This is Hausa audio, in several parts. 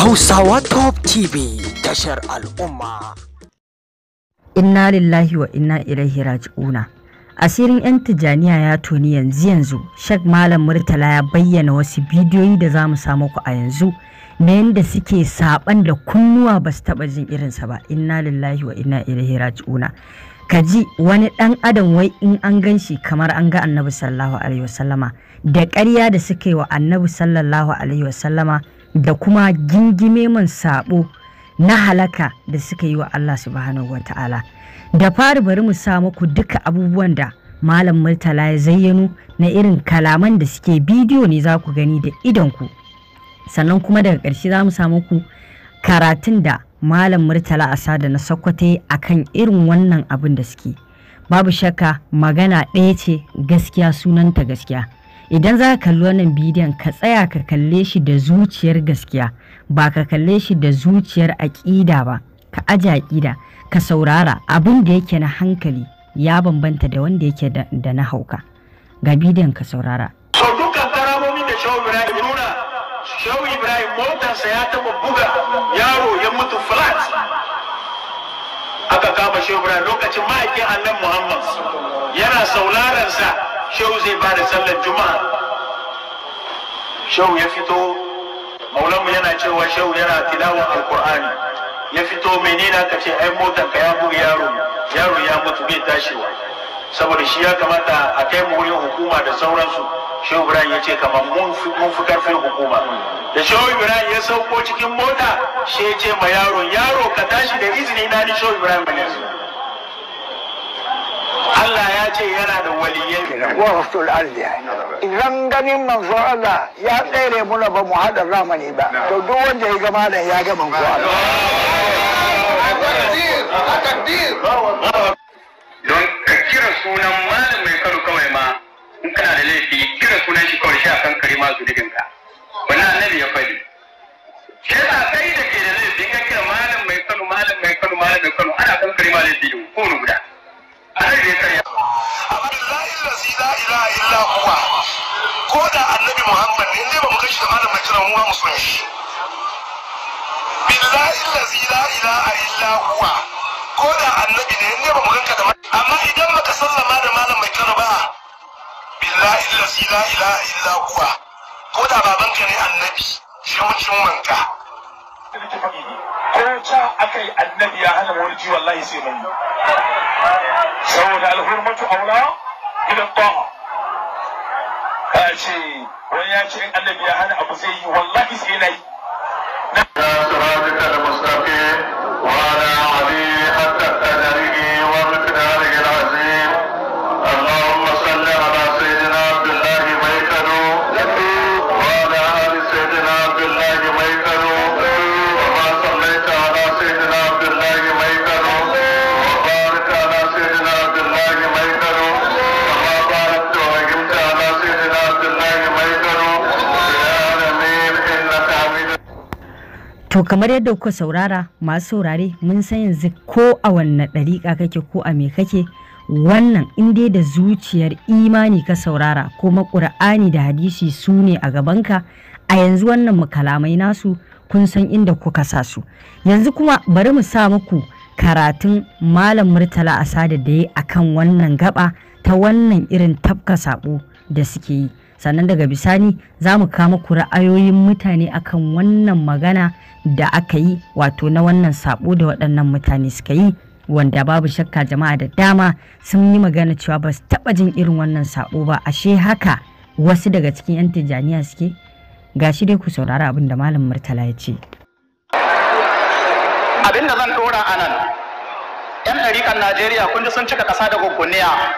Hausawa Top TV tashar al'umma. Inna lillahi wa inna ilaihi raji'una. Asirin 'yan Tijjaniya ya toni yanzu yanzu, Sheikh Malam Murtala ya bayyana wasu bidiyoyi da za mu samu ku a yanzu na yadda suke saban da kunnuwa ba su taɓa jin irinsa ba. Inna lillahi wa inna ilaihi raji'una. ka ji wani ɗan adam wai in an gan shi kamar an ga annabi sallallahu alaihi wasallama da ƙarya da suke wa annabi sallallahu alaihi wasallama da kuma gingime man sabo na halaka da suka yi wa Allah subhanahu ta'ala. da fari bari mu sa muku duka abubuwan da malam murtala ya zayyano na irin kalaman da suke bidiyo ne za ku gani da ku. sannan kuma daga ƙarshe za mu samu ku karatun da malam murtala a sada na sokoto a kan irin wannan abin da suke babu shakka magana ɗaya ce gaskiya sunanta gaskiya idan za ka kalli wannan bidiyon ka tsaya ka kalle shi da zuciyar gaskiya ba ka kalle shi da zuciyar aƙida ba ka aje aƙida ka saurara abin da yake na hankali ya bambanta da wanda yake da na hauka ga bidiyon ka saurara shehu ibrahim nuna motarsa ya taba buga yaro ya mutu flat aka kama shehu ibrahim lokacin ma'aikin annan muhammad yana sauraransa shehu zai ba da sallar juma'a shehu ya fito maulanmu yana cewa shehu yana tilawa alkur'ani ya fito menene ka ce ai motar ka ya buga yaro yaro ya mutu bai tashiwa saboda shi ya kamata a kai mu wurin hukuma da sauransu shehu ibrahim ya ce kamar mun fi karfin hukuma da shehu ibrahim ya sauko cikin mota shi ya ce ma yaro yaro ka tashi da izini na ni shehu ibrahim ne ce yana da waliyai wa husul ardi idan ganin manzo Allah ya tsere muna ba mu hada ramani ba to duk wanda ya ga malam ya ga manzo Allah don ka kira sunan malam mai karo kawai ma in kana da laifi kira sunan shi kawai shi kan kare ma zunubin ka wannan annabi ya faɗi shi yasa kai da ke da laifi ka kira malam mai kano malam mai kano malam mai kano ana kan kare ma laifi ko guda annabi ya sanya abubuwa ko da annabi muhammad ne dai ba mu kai shi da malam mai kira mu ba mu son shi billahi allazi la ilaha illa huwa ko da annabi ne dai ba mu ganka da amma idan baka sallama da malam mai kira ba billahi allazi la ilaha illa huwa ko da babanka ne annabi shi mucin wanka ko ta akai annabi ya hana mawulji wallahi sai mun saboda alhurmatu aula ila ta'a ka ce wani ya ce in annabi ya hana abu zai yi wallahi sai na yi. To kamar yadda kuka saurara masu saurare mun san yanzu ko a wanne ɗariƙa kake ko a me kake wannan in dai da zuciyar imani ka saurara ko ƙur'ani da hadisi su ne a gabanka a yanzu wannan makalamai nasu kun san inda kuka sa su yanzu kuma bari mu sa muku karatun malam murtala asada da ya akan wannan gaba ta wannan irin tafka sabo da suke yi sannan daga bisani za mu kama ku ra'ayoyin mutane akan wannan magana da aka yi wato na wannan sabo da waɗannan mutane suka yi wanda babu shakka jama'a da dama sun yi magana cewa ba su taɓa jin irin wannan sabo ba ashe haka wasu daga cikin 'yan tijjaniya suke gashi dai ku saurari abin da malam murtala ya ce abin da zan ɗora a nan 'yan ɗarikan najeriya kun ji sun cika ƙasa da guggunniya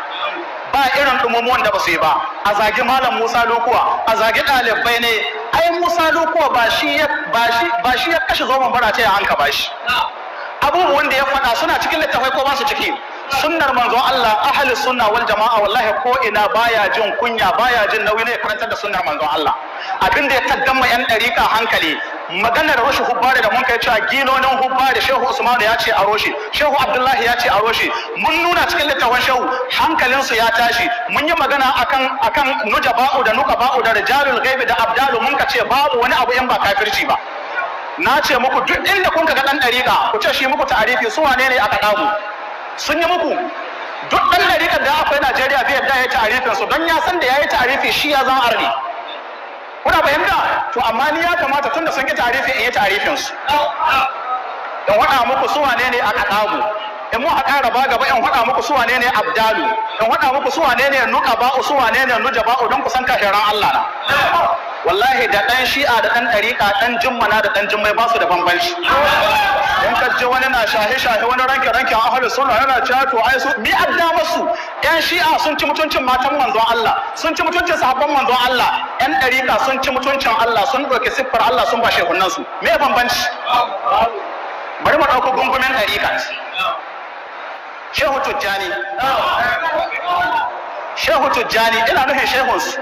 ba irin ɗumumuwan da ba su yi ba a zagi malam musa lokuwa a zagi ɗalibai ne ai musa lokuwa ba shi ya kashe zoben bara ta an ka shi. abubuwan da ya faɗa suna cikin littafai ko ba su ciki sunnar manzo Allah ahli sunna wal jama'a wallahi ko ina baya jin kunya baya jin nauyi ne karantar da sunnar manzo Allah abin da ya taddama yan dariƙa hankali maganar roshi hubbari da mun kai cewa ginonin hubbari shehu Usmanu ya ce a roshi shehu abdullahi ya ce a roshi mun nuna cikin littafin shehu hankalinsu ya tashi mun yi magana akan akan bau da nuka bau da rijalul ghaibi da abdalu mun ka ce babu wani abu in ba kafirci ba na ce muku duk inda kun ga dan dariƙa ku ce shi muku ta'arifi su wane ne aka damu sun yi muku duk dan dariƙar da akwai Najeriya bai yadda ya yi ta'arifin su don ya san da ya yi ta'arifi shi ya zama arni kuna da? to amma ni ya kamata tun da sun ki tarifi in yi tarifin su in wada muku su wane ne al'aqabu in mu haka raba gaba in wada muku su wane ne abdalu in wada muku su wane ne ba su wane ne ba don ku san ran Allah na wallahi da ɗan shi'a da ɗan ɗariƙa ɗan jummana da ɗan jummai ba su da bambanci in ka je wani na shahe shahe wani ranke ranke ahlu sunna yana cewa to ai su bi adda masu yan shi'a sun ci mutuncin matan manzon Allah sun ci mutuncin sahabban manzon Allah yan dariƙa sun ci mutuncin Allah sun ɗauki siffar Allah sun ba shehunan su me bambanci bari mu ɗauko gungumin ɗariƙa shehu tujjani shehu tujjani ina nufin shehunsu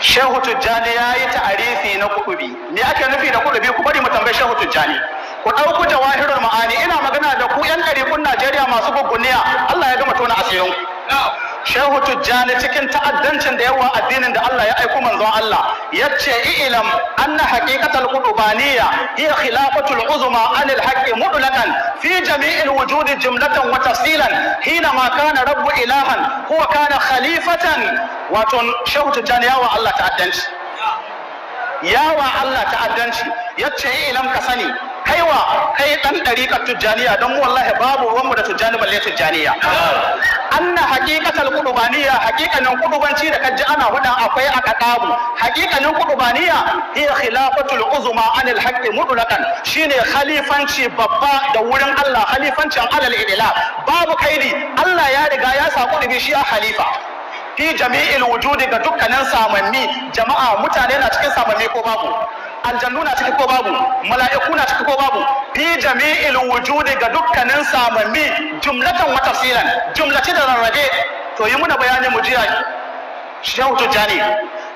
shehu Tijjani ya yi ta'arifi na kuɗubi me ake nufi da kuɗubi ku bari mu tambayi shehu Tijjani. ku ɗauku jawahirul ma'ani ina magana da ku yan ɗariƙun najeriya masu gugguniya allah ya gama tona asirin shehu tujjani cikin ta'addancin da yawa addinin da Allah ya aiko manzon Allah yace i'lam anna haqiqatal qudbaniyya hiya khilafatul uzma anil haqqi mudlaqan fi jami'il wujudi jumlatan wa tafsilan hina ma kana rabbu ilahan huwa kana khalifatan wato shehu tujjani yawa Allah ta'addanci yawa Allah ta'addanci yace i'lam ka sani kaiwa kai dan dariƙar tujjaniya don mu wallahi babu ruwanmu da tujjani balle tujjaniya anna haqiqatal qudubaniya haqiqanin kuɗubanci da kaji ana hudan akwai a kadabu haqiqanin qudubaniya hiya khilafatul uzma anil kan. mutlaqan shine khalifanci babba da wurin Allah khalifancin alal ila. babu kaidi Allah ya riga ya sa qudubi shi khalifa fi jami'il wujudi ga dukkanin samanni jama'a mutane na cikin samanni ko babu aljannu na ciki ko babu mala'iku na ciki ko babu fi jami'il wujudi ga dukkanin samanni jumlatan wa tafsilan jumlaci da rarrabe to yi muna bayanin mu jiya shehu tujani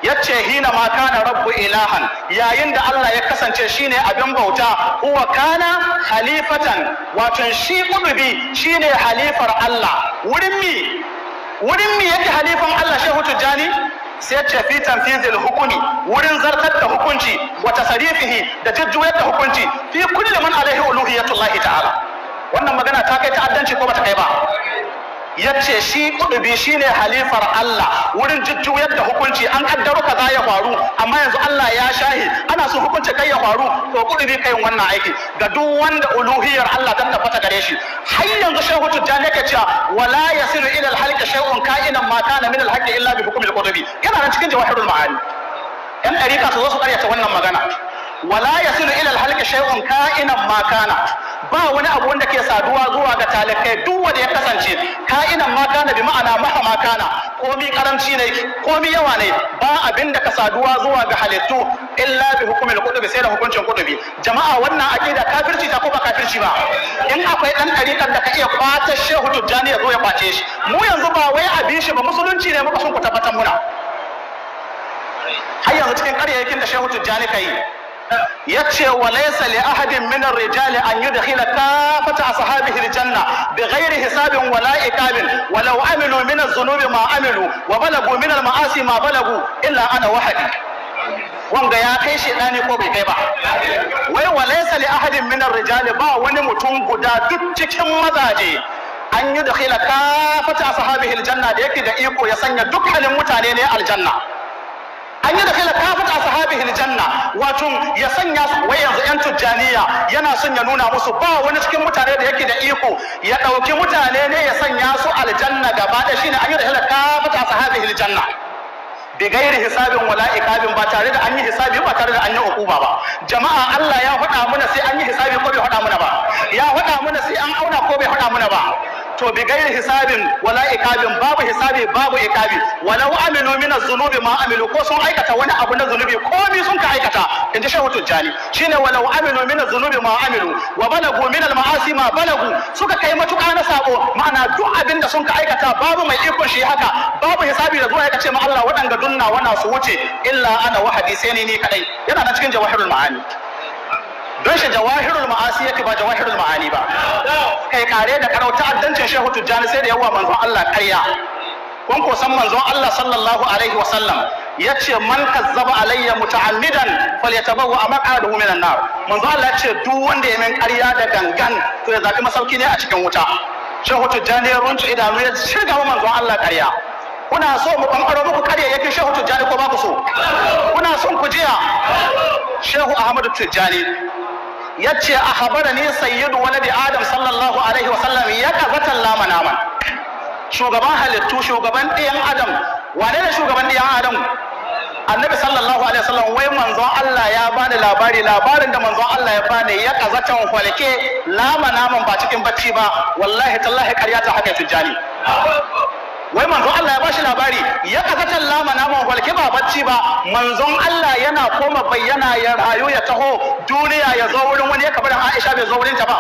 yace hina ma kana rabbu ilahan yayin da Allah ya kasance shine abin bauta huwa kana khalifatan, wato shi kudubi shine halifar Allah wurin mi wurin mi yake halifan Allah shehu tujani sai ce fi tanfizil hukumi wurin zartar da hukunci wa tasarifihi da jujjuyar da hukunci fi kulli man alaihi uluhiyatullahi ta'ala wannan magana ta kai ta'addanci ko ta kai ba ya ce shi kudubi shi ne halifar Allah wurin jujjuyar da hukunci an kaddaro kaza ya faru amma yanzu Allah ya shahi ana so hukunci kai ya faru to kudubi kai wannan aiki ga duk wanda uluhiyar Allah dan tabbata gare shi har yanzu shehu tujjani yake cewa wala yasiru ila alhalqi shay'un ka'inan ma kana min alhaqqi illa bi hukmi alqudubi yana nan cikin jawahirul ma'ani yan dariƙa su zo su karyata wannan magana wala yasiru ila alhalqi shay'un ka'inan ma kana ba wani abu wanda ke saduwa zuwa ga talakai duk wanda ya kasance ka'inan ma kana bi ma'ana mahama kana komi karamci ne komi yawa ne ba abin da ka saduwa zuwa ga halittu illa bi hukumil kutubi sai da hukuncin kutubi jama'a wannan aqida kafirci ta ko ba kafirci ba in akwai dan tarikan da ka iya kwata shehu tujjani ya zo ya kwace shi mu yanzu ba wai abin shi ba musulunci ne muka sun ku tabbatar muna har yanzu cikin ƙarya yakin da shehu tujjani ka yi yace wa laysa li ahadin min ar-rijali an yudkhila kafata ashabihi al-janna bighairi hisabin wala iqabin walau amilu min adh-dhunubi ma amilu wa balagu min al-ma'asi ma balagu illa ana wahdi wanga ya kai shi ɗani ko bai kai ba wai wa laysa li ahadin min ar-rijali ba wani mutum guda duk cikin mazaje an yi da khila kafata ashabihi janna da yake da iko ya sanya dukkanin mutane ne aljanna an yi da kai kafata sahabihin janna wato ya sanya su wai yanzu yan tujjaniya yana son ya nuna musu ba wani cikin mutane da yake da iko ya ɗauki mutane ne ya sanya su aljanna gaba ɗaya shine an yi da kai kafata hiljanna janna gairi hisabin wala ikabin ba tare da an yi hisabi ba tare da an yi hukuma ba jama'a Allah ya faɗa muna sai an yi hisabi ko bai faɗa muna ba ya faɗa muna sai an auna ko bai faɗa muna ba wato bi gairi hisabin wala ikabin babu hisabi babu ikabi walau amilu min az-zunubi ma amilu ko sun aikata wani abu na zunubi komai sun ka aikata inji shehu tujani, shine ne amilu min az-zunubi ma amilu wa balagu min al-ma'asi ma balagu suka kai matuƙa na sako ma'ana duk abin da sun ka aikata babu mai ikon shi haka babu hisabi da zuwa ya kace ma Allah waɗanga dunna wana su wuce illa ana wa hadisi ne ni kadai yana nan cikin jawahirul ma'ani don shi jawahirul ma'asi yake ba jawahirul ma'ani ba kai kare da karauta ta'addancin shehu tujjani sai da yawa manzon Allah karya. kun ko san manzon Allah sallallahu alaihi wa sallam yace man kazzaba alayya muta'ammidan falyatabawwa maq'adahu minan nar manzon Allah yace duk wanda ya min karya da gangan to ya zaki masauki ne a cikin wuta shehu tujjani ya runta idanu ya shiga wa manzon Allah karya. kuna so mu ɓanɓaro muku ƙarya yake shehu tujjani ko ba ku so kuna son ku jiya shehu ahmadu tijjani yace ahbarani sayyidu waladi adam sallallahu alaihi sallam ya kazatan lama naman shugaban halittu shugaban ɗiyan adam wane ne shugaban ɗiyan adam annabi sallallahu alaihi sallam wai manzon Allah ya bani labari labarin da manzon Allah ya bani ya kazatan kwalke lama naman ba cikin bacci ba wallahi tallahi ƙarya ta haka tijjani wai manzon Allah ya bashi labari ya kaza talla mana ban walke ba bacci ba manzon Allah yana koma bayyana ya rayu ya taho duniya ya zo wurin wani ya kabarin Aisha bai zo wurin ta ba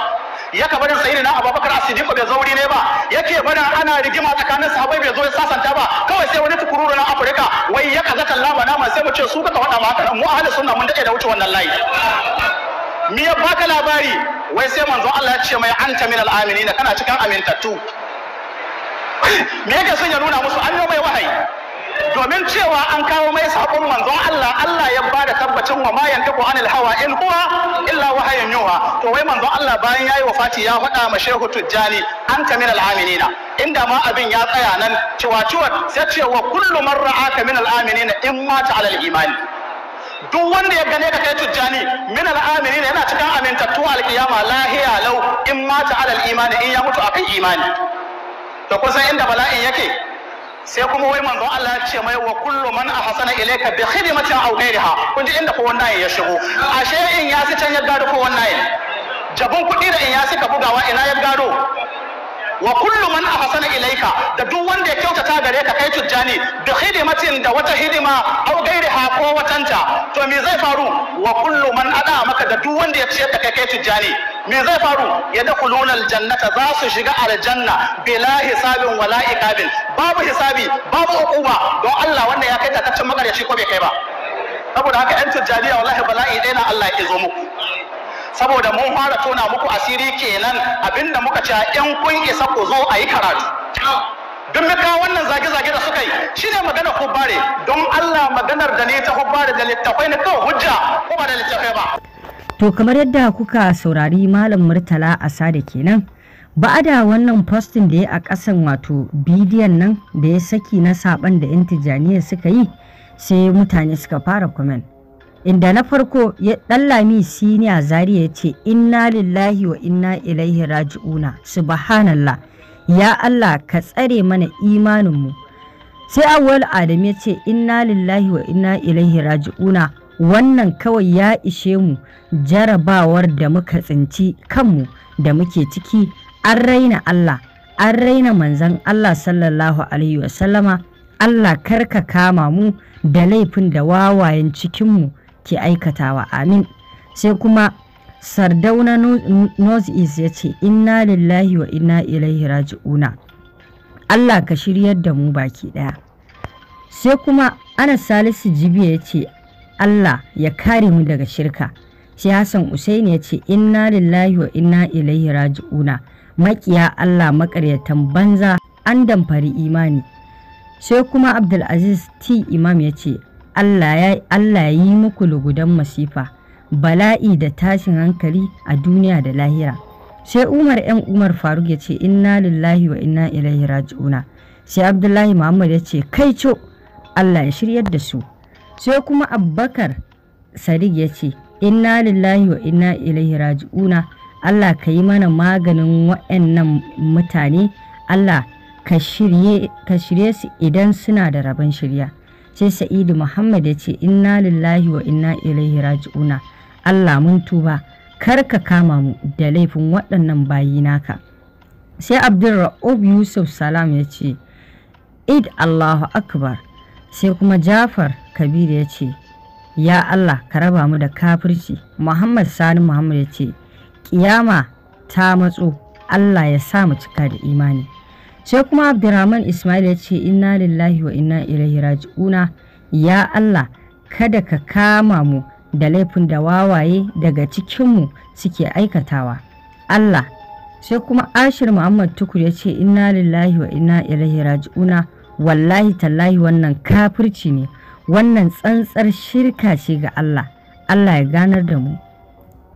ya kabarin sayyidina Abubakar As-Siddiq bai zo wuri ne ba yake barin ana rigima tsakanin sahabbai bai zo ya sasanta ba kawai sai wani tukururu na Afirka wai ya talla mana ban sai mu ce su kaka wada ma mu ahli sunna mun dade da wuce wannan layi mi ya baka labari wai sai manzon Allah ya ce mai anta minal aminin kana cikin amintattu me yake son ya nuna musu an yi mai wahayi domin cewa an kawo mai sakon manzon Allah Allah ya ba da tabbacin wa ma yantiqu anil hawa in huwa illa wahayin yuha to wai manzon Allah bayan yayi wafati ya faɗa ma Shehu Tujjani an kamin al'aminina inda ma abin ya tsaya nan cewa ciwon sai cewa kullu man ra'aka min al'aminina in mata alal imani duk wanda ya gane ka kai tujjani min al'aminina yana cikin amintattu alkiyama lahiya lau in mata alal imani in ya mutu akan imani to san inda bala'in yake sai kuma wai manzon Allah ya ce mai wa kullu man ahsana ilayka bi khidmatin aw ghayriha kun ji inda ko wannan ya shigo ashe in ya can ya gado ko wannan jabun kudi da in ya suka bugawa ina ya gado wa kullu man ahsana ilayka da duk wanda ya kyautata gare ka kai tujjani da hidimatin da wata hidima au ha ko watanta to me zai faru wa kullu man ada maka da duk wanda ya ciyar da kai kai tujjani me zai faru ya dakhuluna aljannata za su shiga aljanna bila hisabin wala iqabin babu hisabi babu uquba don Allah wanda ya kai ta kacin shi ko bai kai ba saboda haka yan tujjani wallahi bala'i ɗaya na Allah ya zo muku saboda mun fara tona muku asiri kenan abinda muka ce yan kun isa ku zo a yi karatu duk muka wannan zage-zage da suka yi shine magana hubbare don Allah maganar da ne ta hubbare da littafai na kawai hujja ko ba da littafai ba to kamar yadda kuka saurari malam murtala a sada kenan ba da wannan postin da ya a kasan wato bidiyon nan da ya saki na saban da 'yan tijjaniya suka yi sai mutane suka fara comment inda na farko ya ɗallami siniya zariya ya ce inna lillahi wa inna ilaihi raji'una subhanallah ya Allah ka tsare mana imaninmu sai awwal adam ya ce inna lillahi wa inna ilaihi raji'una wannan kawai ya ishe mu jarabawar da muka tsinci kanmu da muke ciki an raina Allah an raina manzan Allah sallallahu alaihi wasallama Allah karka kama mu da laifin da wawayen cikinmu ke aikatawa amin sai kuma sardauna north east ya ce inna lillahi wa inna ilaihi raji'una allah ka shiryar da mu baki daya sai kuma ana salisu jibiya ya ce allah ya kare mu daga shirka sai hassan usaini ya ce inna lillahi wa inna ilaihi raji'una makiya allah makaryatan banza an damfari imani sai kuma abdulaziz t imam ya ce Allah ya yi muku lugudan masifa, bala'i da tashin hankali a duniya da lahira. Sai Umar ‘yan Umar Faruk ya ce, Inna lillahi wa inna ilaihi raji'una. Sai Abdullahi Muhammad ya ce, Kai co, Allah ya shiryar da su. Sai kuma Abubakar Sadiq ya ce, Inna lillahi wa inna ilaihi raji'una. Allah ka yi mana maganin waɗannan mutane, Allah ka shirye su idan suna da rabon shirya. sai sa'idu muhammad ya ce inna lillahi wa inna ilaihi raji'una allah mun tuba kar ka kama mu da laifin waɗannan bayi naka sai abdulra'ub yusuf salam ya ce id allahu akbar sai kuma jafar kabir ya ce ya allah ka raba mu da kafirci muhammad sani muhammad ya ce kiyama ta matso allah ya sa mu cika da imani sai kuma abdurrahman ismail ya ce inna lillahi wa inna ilaihi raji'una ya allah kada ka kama mu da laifin da wawaye daga cikinmu suke aikatawa allah sai kuma ashir muhammad tukur ya ce inna lillahi wa inna ilaihi raji'una wallahi tallahi wannan kafirci ne wannan tsantsar shirka ce ga allah allah ya ganar da mu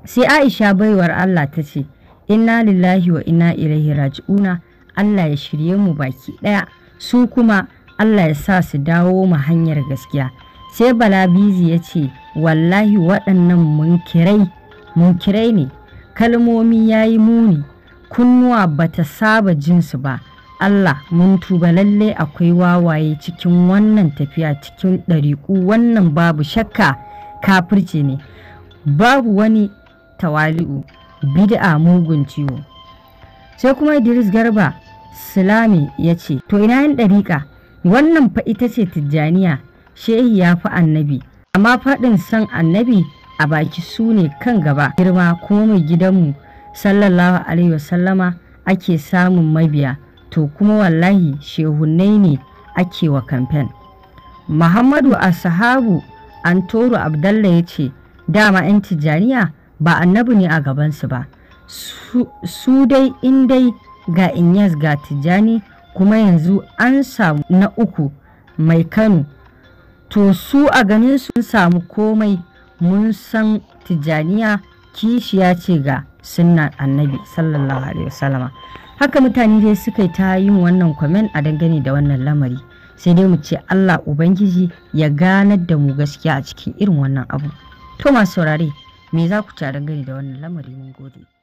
sai aisha baiwar allah ta ce inna lillahi wa inna ilaihi raji'una Allah ya shirye mu baki ɗaya su kuma Allah ya sa su dawo mu hanyar gaskiya sai Bala Bizi ya ce wallahi waɗannan munkirai munkirai ne kalmomi ya yi muni kunnuwa ba ta saba jinsu ba Allah mun tuba lalle akwai wawaye cikin wannan tafiya cikin ɗariƙu wannan babu shakka kafirci ne babu wani tawali'u bid'a mugun ciwo sai kuma Idris Garba Sulami ya ce, To ina yin ɗariƙa, wannan fa ita ce Tijjaniya, shehi ya fi annabi, amma faɗin san annabi a baki su ne kan gaba girma ko mai gidanmu sallallahu alaihi wasallama ake samun mabiya to kuma wallahi shehunnai ne ake wa kamfen. Muhammadu Asahabu Antoro Abdallah ya ce, dama 'yan Tijjaniya ba annabi ne a gabansu ba, su dai in dai ga Inyas ga tijani kuma yanzu an samu na uku mai Kano. To su a ganin sun samu komai mun san tijaniya kishiya ce ga sunan annabi sallallahu alaihi wasallama. Haka mutane dai suka yi ta yin wannan kwamen a dangane da wannan lamari. Sai dai mu ce Allah Ubangiji ya ganar da mu gaskiya a cikin irin wannan abu. To masu saurare, me za ku ci a dangane da wannan lamari mun gode.